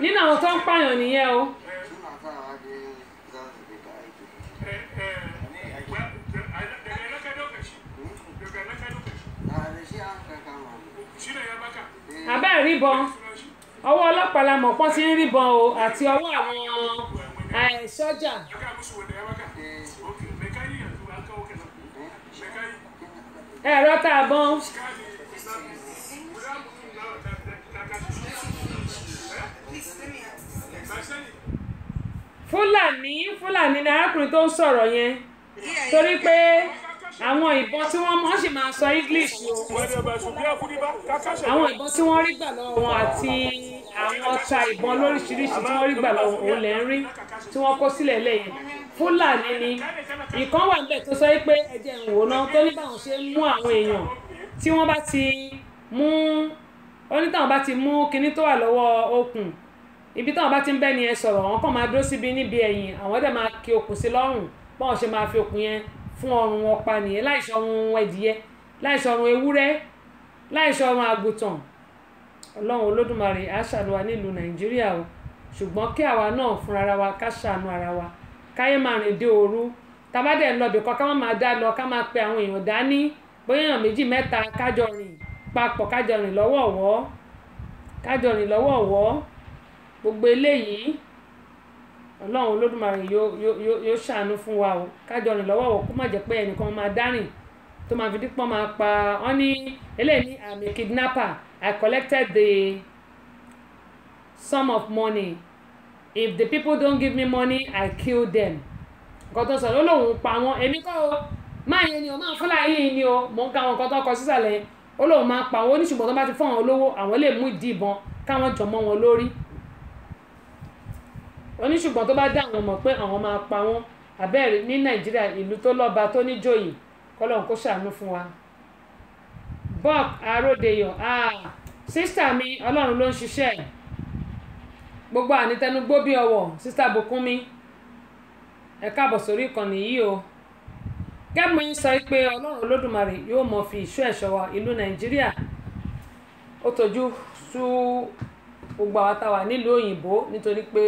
nínú àwọn tó ń pààyàn nìyẹn o. abẹ́ ríbọn ọwọ́ ọlọ́pàá la mọ̀ pọ́n ti ń ríbọn o àti ọwọ́ àwọn sọ́jà. ẹ̀rọ tá a bọ́n. fúlàní fúlàní ni arákùnrin tó ń sọ̀rọ̀ yẹn torí pé àwọn ìbọn tí wọ́n mọ̀ ṣì máa sọ english o àwọn ìbọn tí wọ́n rí gbà lọ́wọ́ wọn àti àwọn ọta ìbọn lóríṣiríṣi tí wọ́n rí gbà lọ́wọ́ òun lẹ́ ń rí tí wọ́n kó sílẹ̀ lẹ́yìn fúlàní ni ìkan wà níbẹ̀ tó sọ pé ẹ̀jẹ̀ ń wò náà tó ní báwọn ṣe ń mú àwọn èèyàn tí wọ́n bá ti mú onítàn bá ti mú kinní tó wà lọ́wọ́ okùn ibi táwọn bá ti ń bẹ́ ni ẹ sọ̀rọ̀ àwọn kan máa dúró síbi níbi ẹ̀yìn àwọn dẹ̀ máa ki okùn sí lọ́rùn báwọn ṣe máa fi okùn yẹn fún ọrùn ọ̀pá nìyẹn láìsọ ọrùn ẹ̀dìyẹ láìsọ ọrùn ewúrẹ́ láìsọ ọrùn àgùntàn ọlọ́run olódùmarè á ṣàánú wa nílùú nàìjíríà o ṣùgbọ́n kí àwa náà fúnra ara wa ká ṣàánú ara wa káyé máa rìn dé òru tabadẹ̀ ń lọbẹ̀ kan ká má máa dá lọ ká máa pe àwọn èèyàn dání bóyá èèyàn méjì mẹ́ta kájọ rìn papọ̀ kájọ rìn lọ́wọ́ọ̀wọ́ kájọ rìn lọ́wọ́ọ̀wọ́ gbogbo eléyìí ọlọ́run olódùmarè yóò yóò yóò ṣàánú fún wa o kájọ rìn lọ́wọ́ o kó má jẹ́ pé ẹnìkan máa dárìn tó máa fi dípọ́n máa pa wọ́n ní eléyìí ní àmì kidnapper I collected the sum of money if the people don't give me money I kill them nǹkan tó sọ̀rọ̀ ó lóun pa wọ́n èmi kọ́ o máa yẹn ni o máa fúnra yìí ni o mò ń ka àwọn nǹkan tó kọ sísàlẹ̀ ó máa pa wọ́n oníṣùgbọ́n tó bá ti fún àwọn olówó àwọn lè mú ìdí ìbọn káwọn jọ mọ́ wọn lórí ó ní ṣùgbọ́n tó bá dá àwọn mọ̀ pé àwọn máa pa wọ́n àbẹ́rẹ́ ní nàìjíríà ìlú tó lọ́ba tó níjòyè kọ́lọ́n kó ṣàánú fún wa. bob aródeyọ ah, sísítà mi ọlọ́run ló ń ṣiṣẹ́ yìí gbogbo ànitẹnugbó bí ọwọ́ sísítà Bùkúnmi ẹ káàbọ̀ sórí ìkànnì yìí o kẹ́mu yín sọ pé ọlọ́run olódùmarè yóò mọ̀ fi ìṣọ́ ẹ̀ṣọ́ wa ìlú nàìjíríà ó tọ́jú sú gbogbo àwa tá nílùú òyìnbó nítorí pé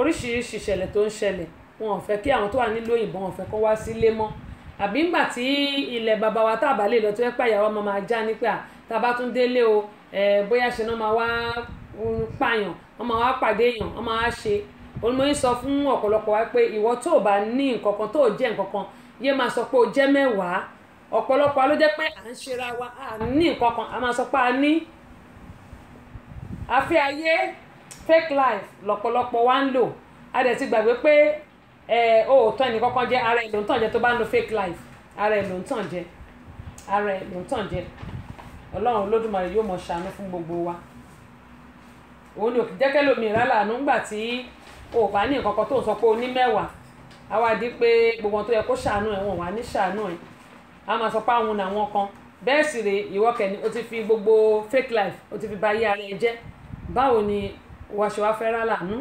oríṣiríṣi ìṣẹ̀lẹ̀ tó ń ṣẹlẹ̀ wọn ò fẹ́ kí àwọn tó wà nílùú òyìnbó wọn ò fẹ́ kó wá sílé mọ́ àbí ńgbà tí ilẹ̀ bàbá wa tá a bá lọ tó fẹ́ pàyàwó ọmọ máa já nípa tá tún délé o bóyá ṣe náà máa wá um, pààyàn ọmọ wa pàdé èèyàn ọmọ wa ṣe olùmọ̀yìn sọ fún ọ̀pọ̀lọpọ̀ wa pé ìwọ tó o bá ní nǹkan kan tó o jẹ́ nǹkan kan yé máa sọ pé o jẹ́ mẹ́wàá ọ̀pọ̀lọpọ̀ ló jẹ́ pé à ń ṣera wa à ní nǹkan kan a máa sọ pé a ní afẹ́ ayé fake life lọ́pọ̀lọpọ̀ wa ń lò a dẹ̀ ti gbàgbé pé ẹ ò tán ẹnì kankan jẹ ara ẹ̀ ló ń tàn jẹ tó bá ń lo fake life ara ẹ̀ ló ń tàn jẹ ara ẹ̀ ló ń tàn jẹ ọlọ́run olódùmarè yóò mọ̀ ṣàánú fún gbogbo wa òun ni òkè jẹ́kẹ́ lómi ìrálà nígbà tí o ò bá ní nǹkan kan tó ń sọ pé o ní mẹ́wàá àwa di pé gbogbo tó yẹ kó ṣàánú ẹ̀ wọ́n wà ní ṣàánú ẹ̀ a máa sọ pé àwọn ohun àwọn kan bẹ́ẹ̀ sì rè ìwọ kẹ́ni o ti fi gbogbo fake life o ti fi ba ayé ara ẹ jẹ́ báwo ni wàṣọ afẹ́rá làánú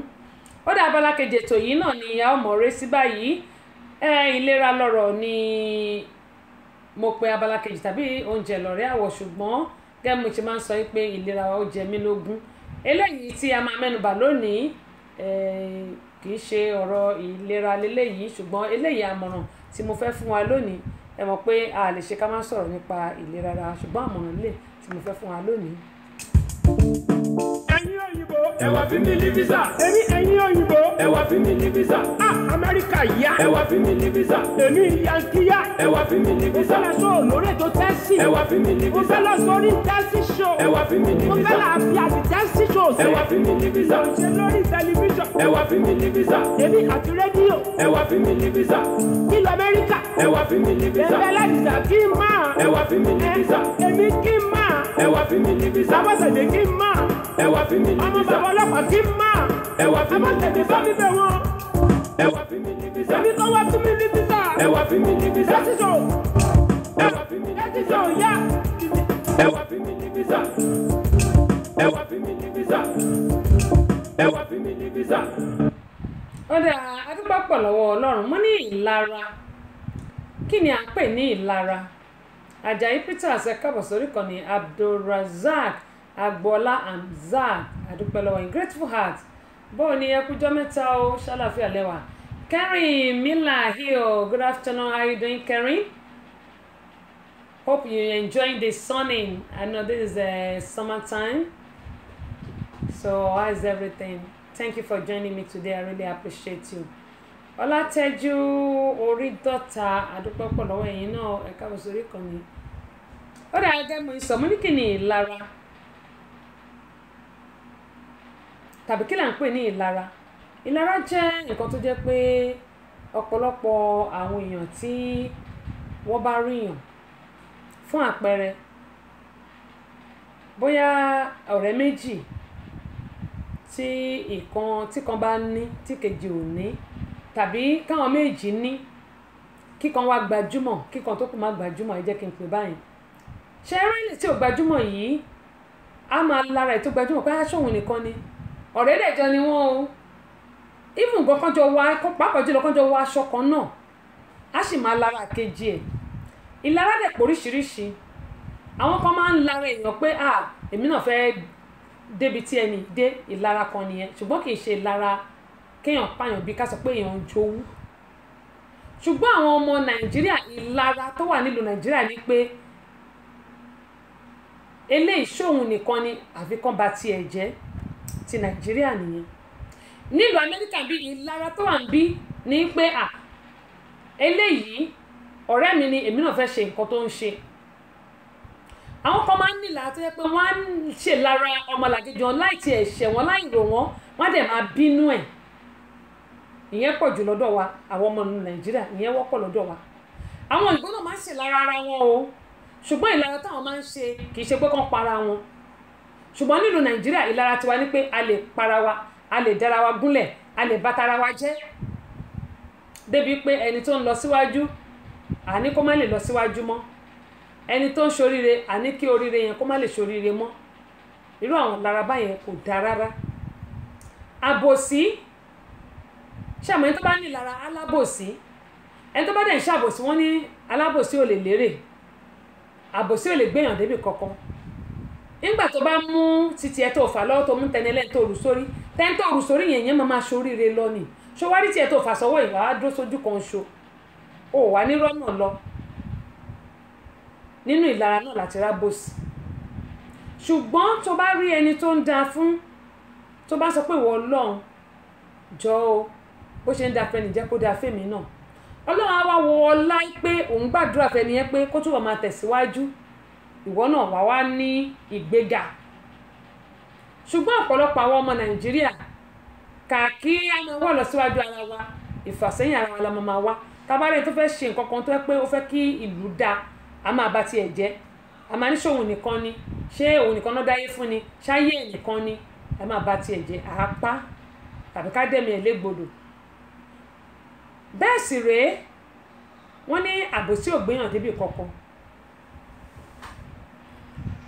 ó dà abala kejì ètò yìí náà ni a ó mọ̀ ọ́rẹ́ sí báyìí ẹ ìlera lọ́rọ̀ ni mo pe abala kejì tàbí oúnjẹ lọ́rẹ́ àwọ̀ ṣùgbọ́n gẹ́gẹ́ mo ṣe máa ń sọ pé ìlera ó jẹ mí lógún eléyìí tí a máa mẹ́nubà lónìí kì í ṣe ọ̀rọ̀ ìlera lélẹ́yìí ṣùgbọ́n eléyìí àmọ̀ràn tí mo fẹ́ fún wa lónìí ẹ mọ̀ pé a lè ṣe ká má sọ̀rọ̀ nípa ìlera ara ṣùgbọ́n àmọ̀ràn lè tí mo fẹ́ fún wa lónìí. thank you ẹ fi mi ní visa. èmi ẹ̀yin òyìnbó. ẹ fi mi ní visa. ah amẹ́ríkà ya. ẹ fi mi ní visa. èmi yankiya. ẹ fi mi ní visa. mo fẹ́ lọ sọ olórí ètò tẹ́sí. ẹ fi mi ní visa. mo fẹ́ lọ sọ orí tẹ́sí show. ẹ fi mi ní visa. mo fẹ́ lọ àfi àti tẹ́sí show sí. fi mi ní visa. mo ṣe lórí tẹlifíṣàn. ẹ fi mi ní visa. èmi àti rédíò. ẹ fi mi ní visa. nílò amẹ́ríkà. ẹ fi mi ní visa. bẹ́ẹ̀ lẹ́dìdà kí n máa. ẹ fi mi ní visa. èmi kí n máa. ẹ fi mi ní visa. sábàṣẹ̀dẹ̀ kí n ẹ wá fi mi ní visa. ọmọ bàbá ọlọ́pàá kì í má. ẹ wá fi mi ní visa. àmọ́ tètè wọ́n. ẹ fi mi ní visa. ẹni tó wá sí mi ní visa. ẹ fi mi ní visa. ẹ ti sọ. ẹ fi mi ní visa. ẹ ti sọ ya. ẹ fi mi ní visa. ẹ fi mi ní visa. ọ̀dà adúgbò pọ̀ lọ́wọ́ ọlọ́run mo ní ìlara kí ni à ń pè ní ìlara Àjàyí Peters ẹ káàbọ̀ sórí kan ní Abdulrasaq agboola hamzat adúpẹ́lọ́wọ́ in grateful heart bó ni ẹ kújọ́ mẹ́ta o ṣàlàfíà lẹ́wà Karim Miller here good afternoon how you doing Karim hope you enjoying the sunning I know this is uh, summer time so how is everything thank you for joining me today I really appreciate you ọlátẹ́jú orí dọ́ta àdúpọ̀ pọ̀ lọ́wọ́ ẹ̀yin náà ẹ̀ka bọ̀ sórí kan ni ó dàgẹ́ mo sọ mo ní kí ni ìlara tàbí kí là ń pè ní ìlara ìlara jẹ́ nǹkan tó jẹ́ pé ọ̀pọ̀lọpọ̀ àwọn èèyàn tí wọ́n bá ríyàn fún àpẹẹrẹ bóyá ọ̀rẹ́ méjì tí ìkan tí kan bá ní tí kejì ò ní tàbí káwọn méjì ní kíkan wá gbajúmọ̀ kíkan tó kù má gbajúmọ̀ ẹ jẹ́ kí n pè báyìí ṣe eré tí ò gbajúmọ̀ yìí á máa lára ẹ̀ tó gbajúmọ̀ pé aṣọ òun nìkan ni ọ̀rẹ́ dẹ̀ jọ ni wọ́n o even nǹkan kan jọ wọ pàápàá jùlọ kan jọ wọ aṣọ kan náà á sì máa lára kejì ẹ̀ ìlara dẹ̀ pòríṣiríṣi àwọn kan máa ń lara èèyàn pé à èmi náà fẹ́ débi tí ẹni dé ìlara kan nìyẹn ṣùgbọ́n kì í ṣe ìlara kéèyàn pààyàn bí ká sọ pé èèyàn ń jowú ṣùgbọ́n àwọn ọmọ nàìjíríà ìlara tó wà nílùú nàìjíríà ni pé eléyìí ṣóhun nìkan ni àfikún ba tiẹ̀ jẹ́ ti nàìjíríà nìyẹn nílùú amẹ́ríkà bí ìlara tó wà ń bí ni pé à eléyìí ọ̀rẹ́ mi ni èmi náà fẹ́ ṣe nǹkan tó ń ṣe àwọn kan máa ń nílà tó yẹ pé wọ́n á ṣe lára ọmọlàkejì wọn láì tiẹ̀ ṣẹ̀ wọ́n láì rò wọ́n wọ́n á dẹ̀ máa bínú ẹ̀ ìyẹn pọ̀ jù lọ́dọ̀ wa àwọn ọmọ nàìjíríà ìyẹn wọ́pọ̀ lọ́dọ̀ wa àwọn ìgbóná máa ń ṣe lára ara wọn o ṣùgbọ́n ìlara táwọn máa ń ṣe kì í ṣe pé kán para wọn ṣùgbọ́n nínú nàìjíríà ìlara tiwa ni pé a lè para wa a lè dára wa gúnlẹ̀ a lè bá tara wa jẹ́ débi pé ẹni tó ń lọ síwájú àní kó má lè lọ síwájú mọ́ ẹni tó ń ṣoríire àní kí oríire yẹn kó má lè ṣoríire mọ́ irú àwọn laraba yẹn kò dáa rárá àbòsí ṣàmọ́ ẹni tó bá ní ìlara alábòsí ẹni tó bá dẹ̀ ń ṣàbòsí wọ́n ní alábòsí ò lè lérè àbòsí ò lè gbéyàn débi kankan nígbà tó bá mú titi ẹ̀ tó fà lọ́wọ́ tó mú tẹnilẹ́ tó rù sórí tẹ́ni tó rù sórí yẹn yẹn máa máa ṣoríire lọ ni ṣọwárí tiẹ̀ tó fà sọ́wọ́ ìwà á dúró sójú kan ṣo ò wá ní rọ́nà lọ nínú ìlara náà láti rá bòsì ṣùgbọ́n tó bá rí ẹni tó ń da fún tó bá sọ pé ìwọ ọlọ́run jọ o bó ṣe ń da fẹ́ni jẹ́ kó da fẹ́mi náà ọlọ́run á wá wọ ọlá pé òun gbàdúrà fẹ́ni yẹn pé kó túbọ̀ máa tẹ̀síwájú. Si ìwọ náà wá wá ní ìgbéga ṣùgbọ́n ọ̀pọ̀lọpọ̀ àwọn ọmọ nàìjíríà kàkí àwọn ọ̀lọ́ síwájú ara wa ìfàsẹ́yìn ara wa la máa wá tabarẹ́ tó fẹ́ ṣe nǹkan kan tó yẹ pé ó fẹ́ kí ìlú dáa a máa bá tiẹ̀ jẹ́ a máa ní ṣòwò nìkan ni ṣé òun nìkan náà dáyé fún ni ṣáyé nìkan ni a máa bá tiẹ̀ jẹ́ àápá tàbí ká dẹ̀mí ẹ̀ légbodò bẹ́ẹ̀ sì rèé wọ́n ní àbòsí ògbéyàn débi kankan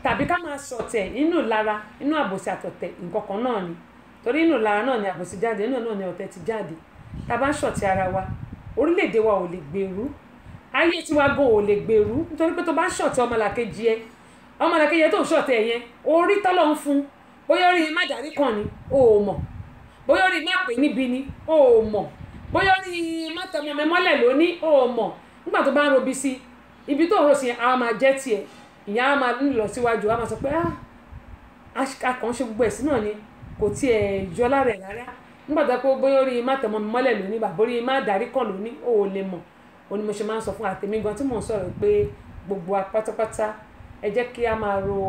tàbí ká máa ṣọ̀tẹ̀ inú lara inú àbòsí àtọ̀tẹ̀ nǹkan náà ni torí inú lara náà ni àbòsí jáde inú náà ni ọ̀tẹ̀ ti jáde tá a bá ń ara wa orílẹ̀-èdè wa ò lè gbèrú ayé tiwa gan ò lè gbèrú nítorí pé tó bá ń ọmọlàkejì ẹ ọmọlàkejì ẹ tó ń orí o ò mọ̀ bóyá orí má pè níbi ni ìyá á máa lọ síwájú á máa sọ pé ah, ṣe gbogbo ẹ̀sìn náà ni kò tiẹ̀ yọ lára ẹ̀ rárá nígbà tó pé bóyá orí má tẹ̀mọ́ mi mọ́lẹ̀ lónìí bàbá orí má darí kàn lónìí ó lè mọ̀ ó mo ṣe máa ń sọ fún àtẹ̀mí tí gbogbo pátápátá ẹ jẹ́ kí a máa ro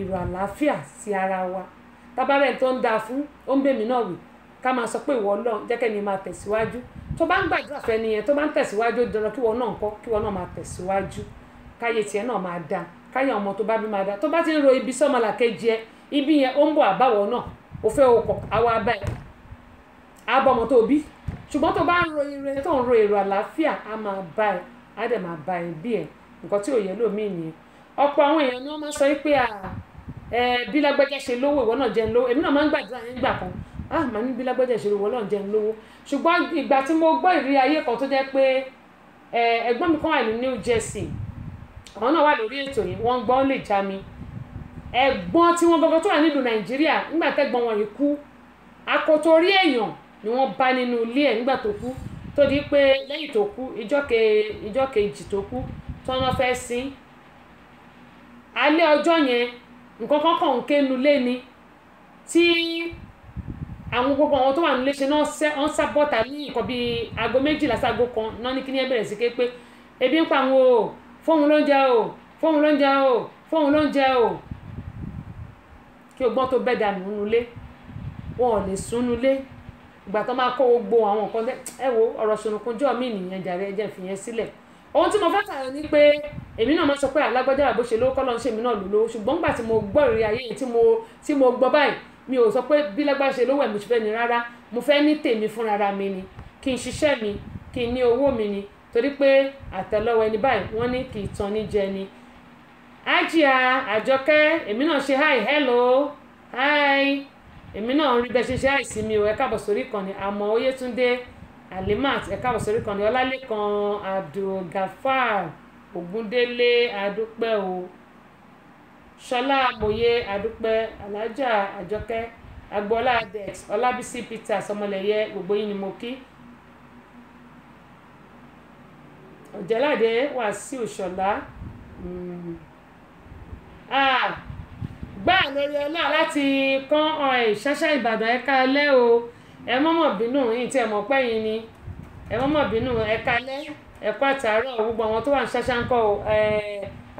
ìrò àlàáfíà sí ara wa tábàárẹ̀ tó ń dáa fún ó ń bèmí náà wì ká máa sọ pé ìwọ Ọlọ́run jẹ́ kẹ́ni máa tẹ̀síwájú tó bá ń gbàdúrà tó bá ń tẹ̀síwájú dandan kí káyé tiẹ̀ náà máa da káyé ọmọ tó bá bí máa da tó bá ti ń ro ibi sọ́mọ làkejì ẹ ibi yẹn ó ń bọ̀ àbáwọ̀ náà ó fẹ́ okọ̀ àwọn abẹ́ abọ́ ọmọ tó bí ṣùgbọ́n tó bá ń ro ire tó ń ro èrò àlàáfíà á máa bá ẹ á dẹ̀ máa bá ẹ bí ẹ nǹkan tí ò yẹ lómi nìyẹn ọ̀pọ̀ àwọn èèyàn ni wọ́n máa sọ pé bí lágbẹ́jẹ́ ṣe lówó ìwọ náà jẹun lówó èmi náà máa ń gbàdúrà yẹn gbà kan ah màá ní bí ṣe lówó náà jẹun lówó ṣùgbọ́n ìgbà tí mo gbọ́ ìrírí ayé kan tó jẹ́ pé ẹ̀gbọ́n mi kan wà ní New Jersey àwọn náà wà lórí ètò yìí wọ́n gbọ́ lè já mi ẹ̀gbọ́n tí wọ́n gbọ́gbọ́ tó wà nílùú nàìjíríà nígbà tẹ́gbọ́n wọn yìí kú akotori èèyàn ni wọ́n bá nínú ilé ẹ̀ nígbà tó kú tó di pé lẹ́yìn tó kú ìjọ́ kejì tó kú tọ́nà fẹ́ sin alẹ́ ọjọ́ yẹn nǹkan kọ́kàn ń kénu lé ni tí àwọn gbogbo àwọn tó wà nílé ṣe náà ń sábọ́ta ní nǹkan bíi aago méjìlá sí aago kan náà ní kí ni ẹ bẹ̀rẹ̀ sí ké pé ebi ń pa àwọn o fóun ló ń jẹ o fóun ló ń jẹ o fóun ló ń jẹ o kí o gbọ́n tó bẹ́ẹ̀ dànù nulẹ̀ wọn ò lè sún nulẹ̀ ìgbà tó máa kó gbogbo àwọn nǹkan ẹ wo ọ̀rọ̀ sòròkúnjọ́ mi nìyẹn jàre ẹjẹ́ fi yẹn sílẹ̀ ohun tí mo fẹ́ sàrẹ̀ ni pé èmi náà máa sọ pé alágbájá àbó ṣe lówó kọ́ ló ń ṣe èmi náà lòlówó ṣùgbọ́n nígbà tí mo gbọ́ ìrírí ayé tí mo tí mo gbọ́ báyìí mi ò sọ pé bí lágbára ṣe lówó ẹ̀ mo ni rárá mo fẹ́ ní tèmi fúnra mi ni kí n ṣiṣẹ́ mi kí n ní owó mi ni torí pé àtẹ́lẹwọ́ ẹni báyìí wọ́n ní kì í tan ní jẹ ajia àjọkẹ́ èmi náà ṣe hi hello hi èmi náà ń rí bẹ́ẹ̀ ṣe ṣe hi sí mi o ẹ káàbọ̀ sórí ìkànnì àmọ́ oyétúndé alimat ẹ káàbọ̀ sórí ìkànnì ọlálẹ́kan abdulgafar ògúndélé adúpẹ́ o ṣọlá amòye adúpẹ́ alájà àjọkẹ́ agboola dex ọlábísí peter sọmọlẹ́yẹ gbogbo yín ni mo kí. ọ̀jẹ̀láde wàsíù ṣọ̀lá hmm. gbà lórí ọlá láti kán ṣáṣá ìbàdàn ẹ̀ka alẹ́ o ẹ mọ́mọ́ bínú yìí tí ẹ mọ̀ pẹ́ yìí ni ẹ mọ́mọ́ bínú ẹ̀ka alẹ́ ẹ̀kọ́ àtàárọ̀ gbogbo àwọn tó wà ní ṣáṣá ń kọ́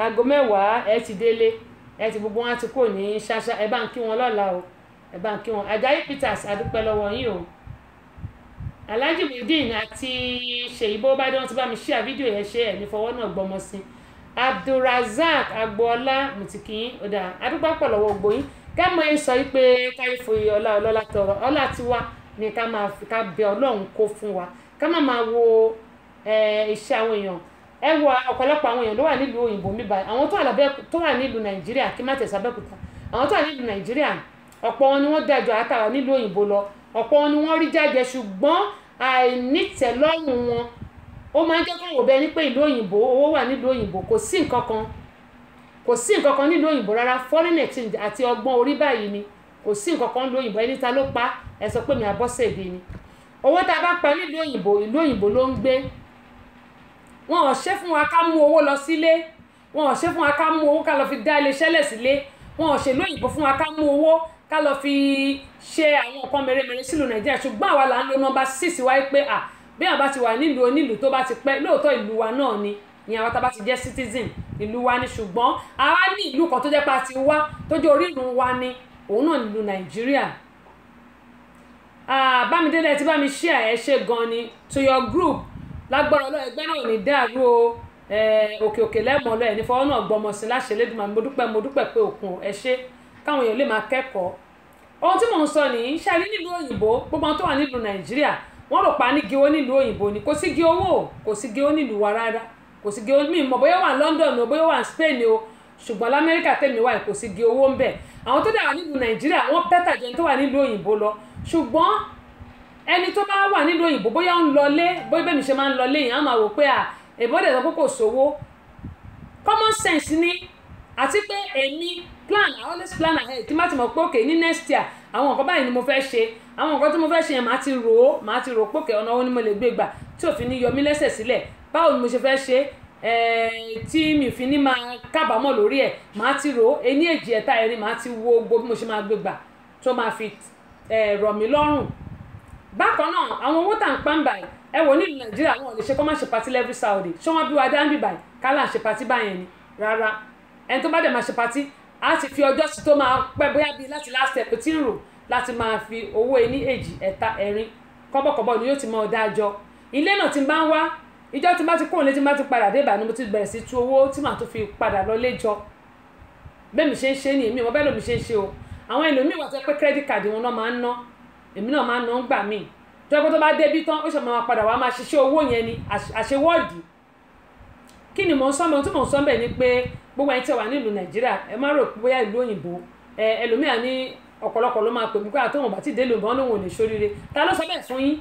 aago mẹ́wàá ẹ ti délé ẹ ti gbogbo wọn ti kò ní ṣáṣá ẹ bá ń kí wọn lọ́la o ẹ bá ń kí wọn Àjàyí Peters a lọ́wọ́ yín o alhaji muhyiddin àti ṣèyí bó bá dán ti bá mi ṣíà fídíò yẹn ṣe ẹ̀ ní fọwọ́ náà gbọmọ sí abdulrasaq agboola mutikin ọ̀dà adúgbò pọ̀ lọ́wọ́ gbòyìn kámọ ẹ sọ pé káyọ̀ foyè ọlá ọlọ́lá tọrọ ọlá tiwa ni ká máa fi ká bẹ ọlọ́run kó fún wa ká má máa wo iṣẹ́ àwọn èèyàn ẹ wo ọ̀pọ̀lọpọ̀ àwọn èèyàn ló wà nílùú òyìnbó mi báyìí àwọn tó wà nílùú nàìjíríà kí má tẹ̀sán bẹ́kúta àwọn tó wà nílùú nàìjíríà ọ̀pọ̀ wọn ni wọ́n dájọ́ àtàwọn nílùú òyìnbó lọ ọ̀pọ̀ wọn ni wọ́n rí jáde ṣùgbọ́n àìnítẹ̀lọ́rùn wọn ó máa ń jẹ́ kó wò bẹ́ẹ̀ ni pé ìlú òyìnbó owó wà nílùú òyìnbó kò sí nǹkan kan kò sí nǹkan kan nílùú òyìnbó rárá foreign exchange àti ọgbọ́n orí báyìí ni kò sí nǹkan kan nílùú òyìnbó ẹni ta ló pa ẹ sọ pé mi àbọ́sẹ̀ bí ni owó tá a bá pa nílùú òyìnbó ìlú òyìnbó ló ń gbé wọn ò ṣe fún wa ká mú owó lọ sílé wọn ò ṣe fún wa ká mú owó ká lọ fi dá iléeṣẹ́ lẹ̀ sílé wọn ò ṣèlú òyìnbó fún wa ká mú owó ká lọ fi ṣe àwọn nǹkan mèremère sílùú nàìjíríà ṣùgbọ́n àwa là ń lo nọ́mbà six wáyé pé à bí àbá ti wà nílùú onílùú tó bá ti pẹ́ lóòótọ́ ìlú wa náà ni ìyẹn àwọn tábà ti jẹ́ citizen ìlú wa ni ṣùgbọ́n àwa ní ìlú kan tó jẹ́ pa ti wá tó jẹ́ orírun wa ni òun náà nílùú nàìjíríà bámidélé tí bá mi ṣí ẹ ṣe gan ni to your group lágbára ọlọ́ ẹgbẹ́ náà ò ní dàrú o òkè òkè lẹ́mọ̀ọ́lọ́ ẹ̀ ní fọwọ́ náà gbọmọ sí láṣẹ lẹ́dùnmọ́ mo dúpẹ́ mo dúpẹ́ pé òkun ẹ ṣe káwọn èèyàn lè máa kẹ́kọ̀ọ́ ohun tí mò ń sọ nìyí ṣe rí nílùú òyìnbó gbogbo tó wà nílùú nàìjíríà wọ́n rò pa ní giwo nílùú òyìnbó ni kò sí giwo wò kò sí giwo nílùú wa rárá kò sí giwo mi mọ̀ bóyá wà London o bóyá wà Spain o ṣùgbọ́n lamẹ́ríkà tẹ̀mí wà kò sí giwo wò ń bẹ̀ àwọn tó dà wà nílùú nàìjíríà wọ́n bẹ́tà jẹ́ tó wà nílùú òyìnbó lọ ṣùgbọ́n ẹni tó bá wà nílùú òyìnbó bóyá ń lọlé bóyá bẹ́ẹ̀ mi ṣe máa ń lọlé plan i always plan ahead tí má ti mọ̀ pé òkè ní next year àwọn nǹkan báyìí ni mo fẹ́ ṣe àwọn nǹkan tí mo fẹ́ ṣe yẹn màá ti rò ó màá ti rò pókè ọ̀nà owó ni mo lè gbé gbà tí òfin ní yọmí lẹ́sẹ̀ sílẹ̀ báwo ni mo ṣe fẹ́ ṣe eh, tí mi fi ní máa kábàámọ̀ lórí ẹ̀ màá ti rò ó ení èjì ẹ̀ta ẹ̀rin màá ti wo gbogbo bí mo ṣe máa gbé gbà tó máa fi eh, rọ̀ mí lọ́rùn bákan náà àwọn owó tà ń pa ń báyìí ẹ wò nílùú nàìjíríà wọn ò lè ṣe kọ́ máa ṣe patí lẹ́fí saudi ṣé wọ́n bí wa dáńbì báyìí kálá ń ṣe patí báyẹn ni rárá ẹni tó bá dẹ̀ máa ṣe patí a sì fi ọjọ́ sí tó máa pẹ́ bóyá bíi láti last step tí ń rò láti máa fi owó ẹni èjì ẹ̀ta ẹ̀rin kọ́bọ̀kọ́bọ̀ ni yóò ti mọ ọ̀dà àjọ ilé náà ti bá ń wá ìjọ tí bá ti kúrò létí bá ti padà dé ìbànú mo ti bẹ̀rẹ̀ sí tu owó tí màá tó fi padà lọ léjọ bẹ́ẹ̀ mi ṣe ń ṣe ni èmi ìwọ́n bẹ́ẹ̀ lómi ṣe ń ṣe o àwọn ẹlòmíì wà tó pé credit card wọn náà máa ń ná èmi náà máa ń ná ń gbà míì tó yẹ kó tó bá débí tán ó ṣe máa padà wá máa ṣiṣẹ́ owó yẹn ni àṣewọ́ọ̀dì kí ni mò ń sọ mọ́ tí mò ń sọ bẹ́ẹ̀ ni pé gbogbo ẹni tí ó wà nílùú nàìjíríà ẹ má rò bóyá ìlú òyìnbó ẹ ẹlòmíà ní ọ̀pọ̀lọpọ̀ ló máa pè mí pé àtọ́wọ̀n bá ti dé lòun bọ́n lòun ò lè ṣoríire ta ló sọ bẹ́ẹ̀ fún yín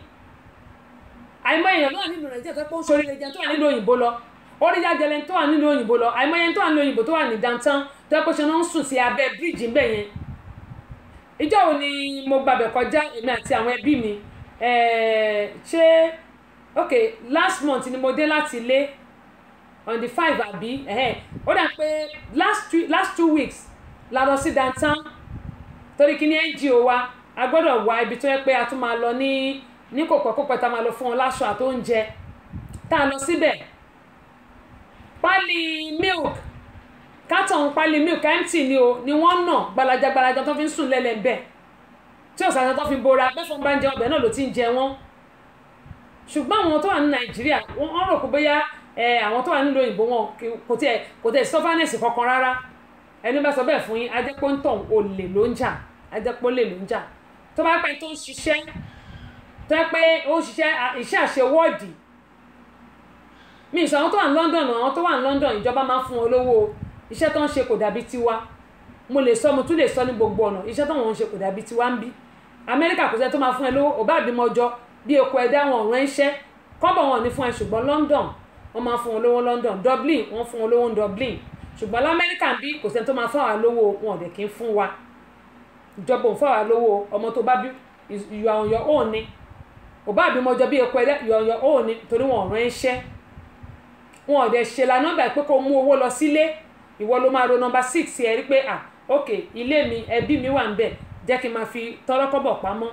àìmọ̀ èèyàn ló wà nílùú nàìjíríà tó pé ó ń ṣoríire jẹun tó wà nílùú òyìnbó lọ oríyá jẹlẹ tó wà nílùú òyìnbó lọ àìmọ̀ ẹni tó wà nílùú òyìnbó tó wà ní downtown tó yẹ kó ṣe náà ń sùn sí abẹ́ bíríìjì ńbẹ̀ yẹn ìjọ́ wo ni mo gbàbẹ̀ kọjá èmi àti àwọn ẹbí mi ṣé ok last month ni mo dé láti ilé on the five àbí ó dà pé last two last two weeks la lọ sí downtown torí kí ní ngo wa a gbọ́dọ̀ wá ibi tó yẹ pé a tún máa lọ ní ní kò pẹ́kópẹ́ tá a máa lọ fún wọn láṣọ àti oúnjẹ tá a lọ síbẹ̀ pálí milk kátàn pálí milk empty ni o ni wọ́n nà gbalaja gbalaja tó fi ń sùn lẹ́lẹ̀ bẹ́ẹ̀ tí ọ̀sán tó fi bora bẹ́sàn bá ń jẹ ọbẹ̀ náà ló ti ń jẹ wọ́n ṣùgbọ́n àwọn tó wà ní nàìjíríà wọ́n rò pé bóyá àwọn tó wà nílùú òyìnbó wọn kò tiẹ̀ kò tiẹ̀ sọ́fánẹ́sì kankan rárá ẹni bá sọ bẹ́ẹ̀ fún yín ajẹ́pọ̀ ń tàn olè ló ń jà ajẹ́pọ̀ lè ló ń jà tó bá pẹ́ tó ń ṣiṣẹ́ tó pé ó ń ṣiṣẹ́ iṣẹ́ àṣewọ́ọ̀dì mi ìsọ àwọn tó wà ní London àwọn tó wà ní London ìjọba máa ń fún wọn lówó iṣẹ́ tó ń ṣe kò dàbí tiwa mo lè sọ mo tún lè sọ ní gbogbo ọ̀nà iṣẹ́ tó ń ṣe kò dàbí tiwa ń bí Amẹ́ríkà kò sẹ́ tó máa fún ẹ lówó ò bá ọjọ́ bí eku ẹ̀dá wọn ọ̀rọ̀ ẹ̀ kọ́bọ̀ wọn ò ní fún ẹ ṣùgbọ́n London wọ́n máa fún wọn lówó London Dublin wọ́n fún wọn lówó Dublin ṣùgbọ́n lamẹ́ríkà ń bí kò sẹ́ni tó máa fún wa lówó wọn ò dẹ̀ kí ń fún wa ìjọba òun fún wa lówó ọmọ tó bá bí you are on your own ni òbá àbímọ ọjọ́ bí epo ẹ̀dá you are on your own ni torí wọn ò rán iṣẹ́ wọn ò dẹ̀ ṣe la nọ́mbà pé kó mú owó lọ sílé ìwọ ló máa ro nọ́mbà six ẹ̀ rí pé ah ok ilé mi ẹbí mi wà ń bẹ̀ jẹ́ kí n máa fi tọ́rọ́kọ́bọ̀ pamọ́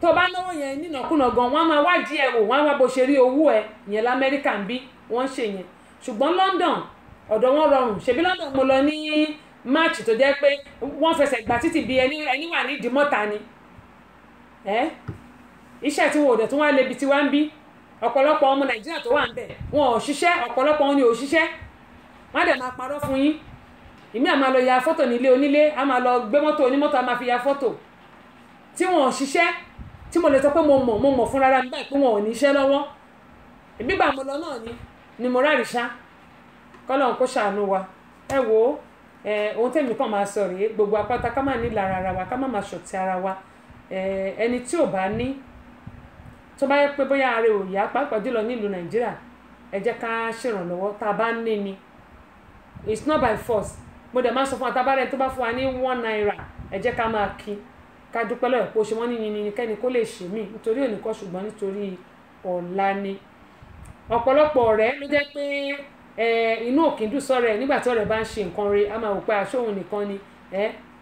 tó bá náwó yẹn nínàkúnà gan wọ́n máa wádìí ẹ̀ wò wọ́n á wá bó ṣe rí owó ẹ̀ yẹn lamẹ́ríkà ń bí wọ́n ṣe yẹn ṣùgbọ́n London ọ̀dọ̀ wọn rọrùn ṣebí London mo lọ ní march tó jẹ́ pé wọ́n fẹsẹ̀ gbà títì bí ẹni ẹni wà ní ìdímọ́ta ni ẹ́ iṣẹ́ tí wọn ò dẹ̀ tún wá lebi tí wá ń bí ọ̀pọ̀lọpọ̀ ọmọ nàìjíríà tó wà ń bẹ̀ wọn ò ṣiṣẹ́ ọ̀pọ̀lọpọ̀ wọn ni ò ṣiṣẹ́ wọ́n á dẹ̀ máa parọ́ fún yín ìmí àmà lọ ya fọ́tò nílé onílé a máa lọ gbé mọ́tò onímọ́tò a máa fi ya fọ́tò tí wọn ò ṣiṣẹ́ tí mo lè sọ pé mo mọ̀ mo mọ̀ fúnra mi báyìí pé wọn ò ní iṣẹ́ lọ́wọ́ èmi mo lọ náà ni ni mo rárí ṣá kọ́lọ́n kó ṣàánú wa ẹ wo ohun tẹ̀mí kan máa sọ rèé gbogbo apáta ká má nílò ara wa ká má máa ṣọ̀tí ara wa ẹni tí ò bá ní tó bá yẹ pé bóyá ara ò yá pàápàá jùlọ nílùú nàìjíríà ẹ jẹ́ ká ṣèrànlọ́wọ́ tá a bá ní ni it's not by force mo dẹ̀ máa sọ fún àtàbárẹ̀ tó bá fún wa ní one naira ẹ jẹ́ ká máa kí ká dúpẹ́ pé o ṣe wọ́n ní yìnyín ni kẹ́ni kó lè ṣe mí nítorí òní ṣùgbọ́n nítorí ọ̀la ni ọ̀pọ̀lọpọ̀ ọ̀rẹ́ ló jẹ́ pé inú òkè dùn sọ́rẹ̀ nígbà tí ọ̀rẹ́ bá ń ṣe nǹkan re a máa wò pé aṣóhun nìkan ni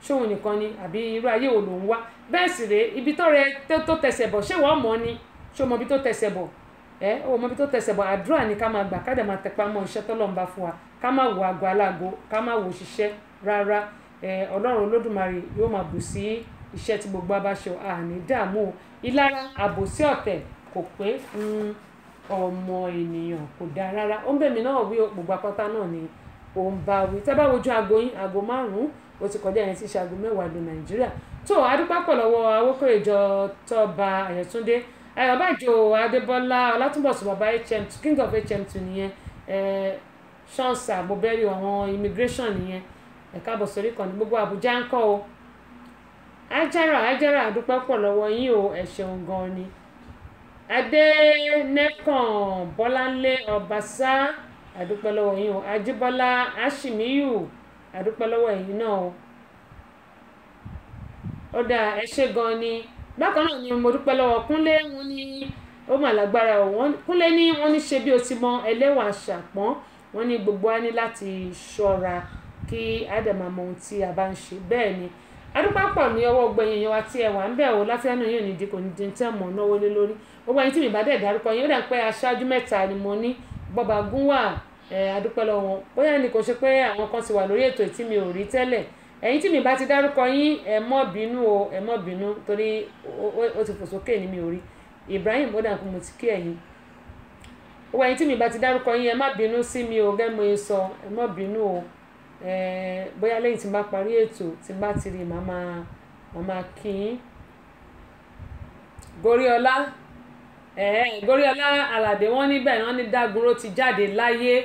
ṣóhun nìkan ni àbí irú ayé wo lòun wá bẹ́ẹ̀ sì rèé ibi tọ́rẹ tó tẹsẹ̀ bọ̀ ṣé wọ́n mọ̀ ni ṣé o mọ ibi tó tẹsẹ̀ bọ̀ ẹ o mọ ibi tó tẹsẹ̀ bọ̀ àdúrà ni ká máa gbà ká dẹ̀ máa tẹpá mọ́ iṣẹ́ tọ́lọ́run bá fún wa ká má wo àgọ́ aláàgọ́ ká má wo òṣìṣẹ́ rárá ọlọ́run olódùmarè yóò máa bù sí iṣẹ́ tí gbogbo abáṣọ àní dààmú ìlara àbòsí ọ̀tẹ̀ kò pé ọmọ ènìyàn kò dáa rárá ó ń bẹ̀mí náà wí gbogbo apáta náà ni ó ń bá wí tá a bá wojú aago yín aago márùn-ún ó ti kọjá yẹn ti ṣe mẹ́wàá lu nàìjíríà tó adúpápọ̀ lọ́wọ́ awókòrèjọ tọ́ba àyẹ̀túndé ayọ̀bájò adébọ́lá ọlátúnbọ̀sùn bàbá hm king of hm two nìyẹn ṣọ́ọ̀ṣì àgbọ̀bẹ́rì àwọn immigration nìyẹn ẹ̀ka bọ̀sọ̀rí kan ní gbogbo àbújá ń kọ́ o hajara hajara a dúpẹ́ pọ̀ lọ́wọ́ yín o ẹ ṣeun gan-an ni adẹnẹkàn bọ́láńlé ọbaṣá a dúpẹ́ lọ́wọ́ yín o ajíbọ́lá aṣímíyù a dúpẹ́ lọ́wọ́ ẹ̀yin náà o ó dáa ẹ ṣe gan ni bákan náà ni mo dúpẹ́ lọ́wọ́ kúnlé wọn ní ó mà lágbára o kúnlé ní wọ́n ní ṣe bí o ti mọ ẹlẹ́wà ṣàpọ́n wọ́n ní gbogbo wa ní láti ṣọ́ra kí á mọ ohun tí a bá ń ṣe bẹ́ẹ̀ ni adúpá pọ̀ ní ọwọ́ gbẹ̀yìn yẹn wa tí ẹ wà ń bẹ̀ o láti ẹnu yóò ní dín kò ní dín tẹ́ mọ̀ náwó lé lórí gbogbo ẹni tí mi bá dẹ̀ dárúkọ yẹn ó dà pé aṣáájú mẹ́ta ni mo ní bọ́ba gúnwà adúpẹ́ lọ bóyá ni kò ṣe pé àwọn kan ti wà lórí ètò tí mi ò rí tẹ́lẹ̀ ẹ̀yin tí mi bá ti dárúkọ yín ẹ mọ́ bínú o ẹ mọ́ bínú torí ó ti fò sókè ní mi ò rí Ibrahim ó dà pé mo ti kí ẹ̀yin gbogbo ẹni tí mi bá ti dárúkọ yín ẹ má bínú sí mi o gẹ́gẹ́ mo sọ ẹ mọ́ bínú o bóyá lẹ́yìn tí n bá parí ètò tí n bá ti rí màá máa màá máa kí Goriola Goriola Aládé wọ́n níbẹ̀ wọ́n ní Daguro ti jáde láyé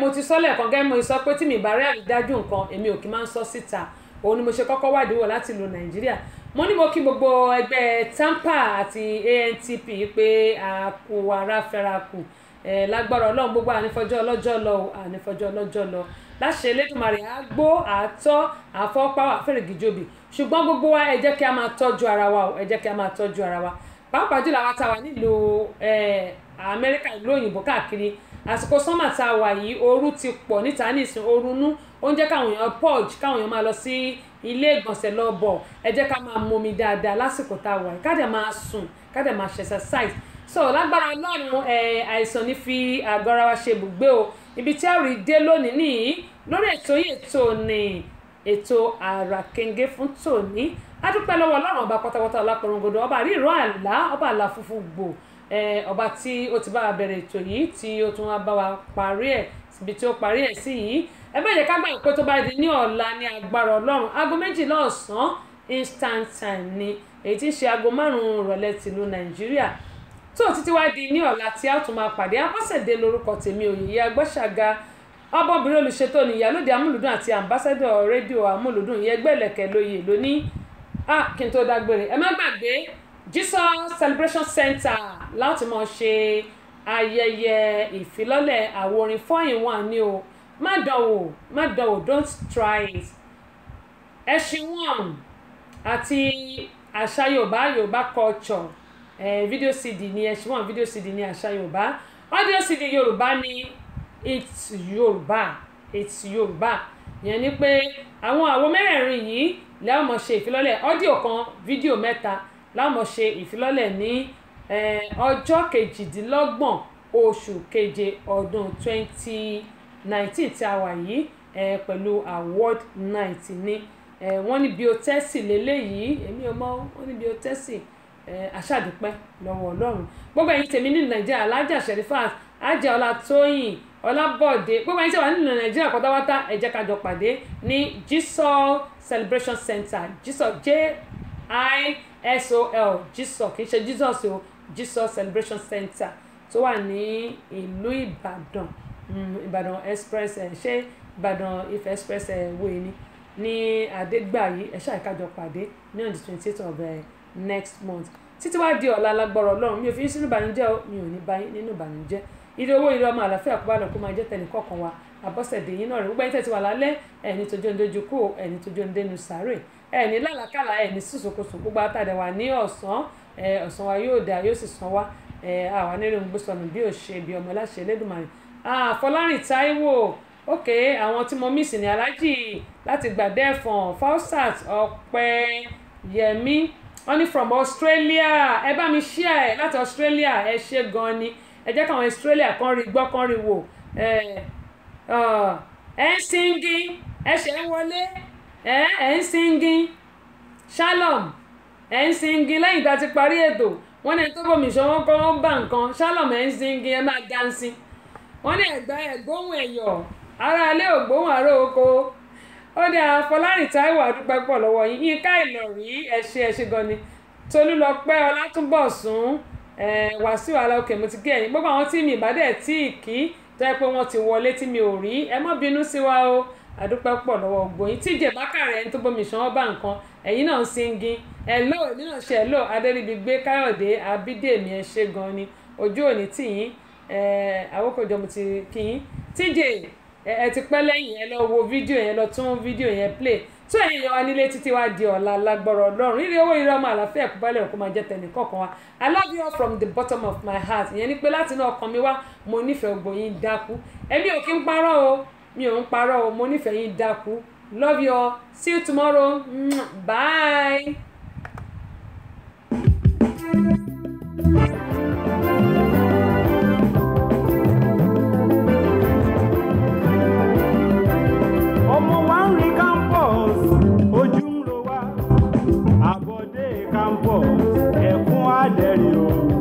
mo ti sọ lẹ́ẹ̀kan gẹ́gẹ́ mo sọ pé tí mi bá rí àrídájú nǹkan èmi ò kì í máa ń sọ síta òun ni mo ṣe kọ́kọ́ wádìí wọ̀ láti lo Nàìjíríà mo ní mo kí gbogbo ẹgbẹ́ TAMPA àti ANTP pé a kú ara fẹ́ra kù. Eh, lágbára ọlọ́run gbogbo ànífọjọ́ ọlọ́jọ́ lọ ànífọjọ́ ọlọ́jọ́ lọ láṣẹ elédùnmarè àgbó àtọ́ àfọ́páwò àfẹ́rẹ̀gìjòbì ṣùgbọ́n gbogbo wa ẹ jẹ́ kí a máa tọ́jú ara wa ẹ jẹ́ kí a máa tọ́jú ara wa pàápàá jùlọ àwa tá a wà nílùú eh, amẹ́ríkà ìlú òyìnbó káàkiri àsìkò sọ́mà tá a wà yìí ooru ti pọ̀ níta nísìn oorunú ó ń jẹ́ káwọn èèyàn purge káwọn èèyàn máa lọ sí ilé ìgbọ̀nsẹ̀ lọ bọ̀ ẹ jẹ́ ká máa momi dáadáa lásìkò tá a wà ká dẹ̀ máa sùn ká dẹ̀ máa ṣẹ̀ṣẹ̀ṣáìsì so lágbára ọlọ́run àìsàn ní fi àgọ́ ara wa ṣe ibùgbé o ibi tí a rí dé lónìí nìyí lórí ètò yìí ètò ní ètò àràkèǹgé fún tòní a dúpẹ́ lọ́wọ́ ọlọ́run ọba pátápátá ọlápọ̀rọ̀ngodo ọba ríro àlá ọba àlá funfun gbò ọba tí ó ti bá wa bẹ̀rẹ̀ ètò yìí tí ó tún wá bá wa parí ẹ̀ síbi tí ó parí ẹ̀ sí yìí ẹ má jẹ́ ká gbàgbọ́ pé tó bá di ní ọ̀la ní agbára ọlọ́run aago méjìlá ọ̀sán instant time ni èyí tí ń ṣe aago márùn-ún ìrọ̀lẹ́ tìlú nàìjíríà tó títí wá di ní ọ̀la tí a tún máa pàdé abọ́sẹ̀dé lórúkọ tèmi òyìnbí agbọ́ṣàga ọbọ̀bìnrin olùṣètò nìyálóde amúlùdùn àti àmbásẹ́dọ̀ rédíò amúlùdùn ìyẹgbẹ́lẹ̀kẹ̀ lóye lónìí a kí n tó dágbére ẹ má gbàgbé Jesus Celebration Center láti máa ṣe ayẹyẹ ìfilọ́lẹ̀ àwo orin four in one ní o má dánwò má dánwò don't try it ẹṣin one àti àṣà yorùbá yorùbá culture eh, video cd ni ẹṣin one video cd ni àṣà yorùbá audio cd yorùbá ni it's yorùbá it's yorùbá yẹn ni pé àwọn àwo mẹ́rẹ̀ẹ̀rin yìí lẹ́wọ̀n mọ̀ ṣe ìfilọ́lẹ̀ ọ́díò kan fídíò mẹ́ta láwọn mọ̀ ṣe ìfilọ́lẹ̀ ní ọjọ́ kejìdínlọ́gbọ̀n oṣù keje ọdún twenty nineteen tí a wà yìí pẹ̀lú award nineteen. ni wọ́n ní biotẹ́sì lélẹ́yìí èmi ò mọ̀ wọ́n ní biotẹ́sì aṣáàdúpẹ́ lọ́wọ́ ọlọ́run gbogbo ẹ̀yin tèmi nínú nàìjíríà alájà sherifat ajá ọlátọ́yìn ọlábọ̀dé gbogbo ẹ̀yin tí wà nínú nàìjíríà pátápátá ẹ jẹ́ ká pàdé ní jisol celebration center jisol j i s o l jisol kì í ṣe jesus o jisol celebration center tó wà ní ìlú ìbàdàn ìbàdàn express ṣé ìbàdàn if express wo yìí ni ní àdégbàyí ẹ ṣàìkájọ pàdé ní on the twenty eight of next month títí wá di ọ̀la lágbọ́rọ̀ ọlọ́run mi ò fi ń sínú ìbànújẹ́ o mi ò ní bá nínú ìbànújẹ́ ilé owó ìlú ọmọ àlàáfíà kó bá lọ kó máa jẹ́ tẹnì kọ̀ọ̀kan wa àbọ̀sẹ̀dé yín náà rẹ̀ gbogbo ẹni tẹ̀sí wà lálẹ́ ẹni tójú ń dojú kú ẹni tójú ń dénú sáré ẹni lálàkàlà ẹni sísòkòsò gbogbo àtàdé wa ní ọ̀sán ọ̀sán wa yóò dáa yóò sì san wa àwa nílùú gbósọ̀nù bí òṣè bí ọmọ láṣẹ Elédùmarè ah fọlárìn táíwò ok àwọn tí mo miss ní aláàjì láti gbàdẹ́fọ̀n fausat ọ̀pẹ̀yẹmí wọ́n ní from australia ẹ bá mi share ẹ̀ láti australia ẹ ṣe gan ni ẹ jẹ́ káwọn australia kan rí gbọ́ kan rí wò ẹ ẹ ń singing ẹ ṣe ń wọlé ẹ ń singing shalom ẹ ń singing lẹ́yìn tá a ti parí ètò wọ́n ní ẹni tó bọ̀ mí sọ wọ́n kọ́ wọ́n bá nǹkan shalom ẹ ń singing ẹ máa dancing wọ́n ní ẹ̀gbá ẹ̀gbóhùn ẹ̀yọ̀ aráalé ògbóhùn àrò oko ó ní àfọlárìn táíwò àdúgbò pọ̀ lọ́wọ́ yín yínká ìlọ̀rí ẹ̀ṣẹ̀ ẹ̀ṣẹ̀ gan ni tolúlọpẹ́ ọlátúnbọ̀sún wàsíù aláòkè mo ti gé ẹ̀yìn gbogbo àwọn tí mi ìbá dẹ̀ tí ì kí tẹ́ pé wọ́n ti wọlé tí mi ò rí ẹ má bínú sí wa o àdúpẹ́ pọ̀ lọ́wọ́ gbòyìn tí ìjẹ̀ bákàrẹ̀ ẹni tó bomi ìṣàn ọba nǹkan ẹ̀yìn náà ń singin hello èmi náà ṣe hello adẹ́rìbí gbé káyọ̀dé abídèmí ẹ ṣé gan ni ojú òní tìyín àwòkọ́ ìjọba ti kìín TJ ẹ ti pẹ́ lẹ́yìn ẹ lọ wo fídíò yẹn lọ tún fídíò yẹn play tó ẹ̀yin yọ wa nílé títí wá di ọ̀la lágbọ́rọ̀ ọlọ́run rírì owó ìrọ̀ ọmọ àlàáfíà ẹ̀kú bálẹ̀ ọ̀kú máa jẹ́ tẹ̀lé kọ̀ọ̀kan wa I love you all from the bottom of my heart ìyẹn ni pé láti inú ọkàn mi wá mo nífẹ̀ẹ́ ògbò yín dákú èmi ò kí ń parọ́ o mi ò ń parọ́ o mo nífẹ̀ẹ́ yín dákú love you all see you tomorrow bye. àbọ̀dé kàńpọ̀ ẹ̀kún àdẹ̀rìn o.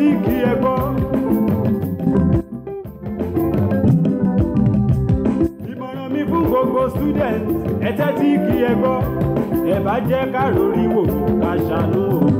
tí kì í ẹbọ. ìmọ̀ràn mi fún gbogbo student ẹ tẹ́tí kì í ẹbọ ẹ bá jẹ́ ká lórí wò ká ṣàánú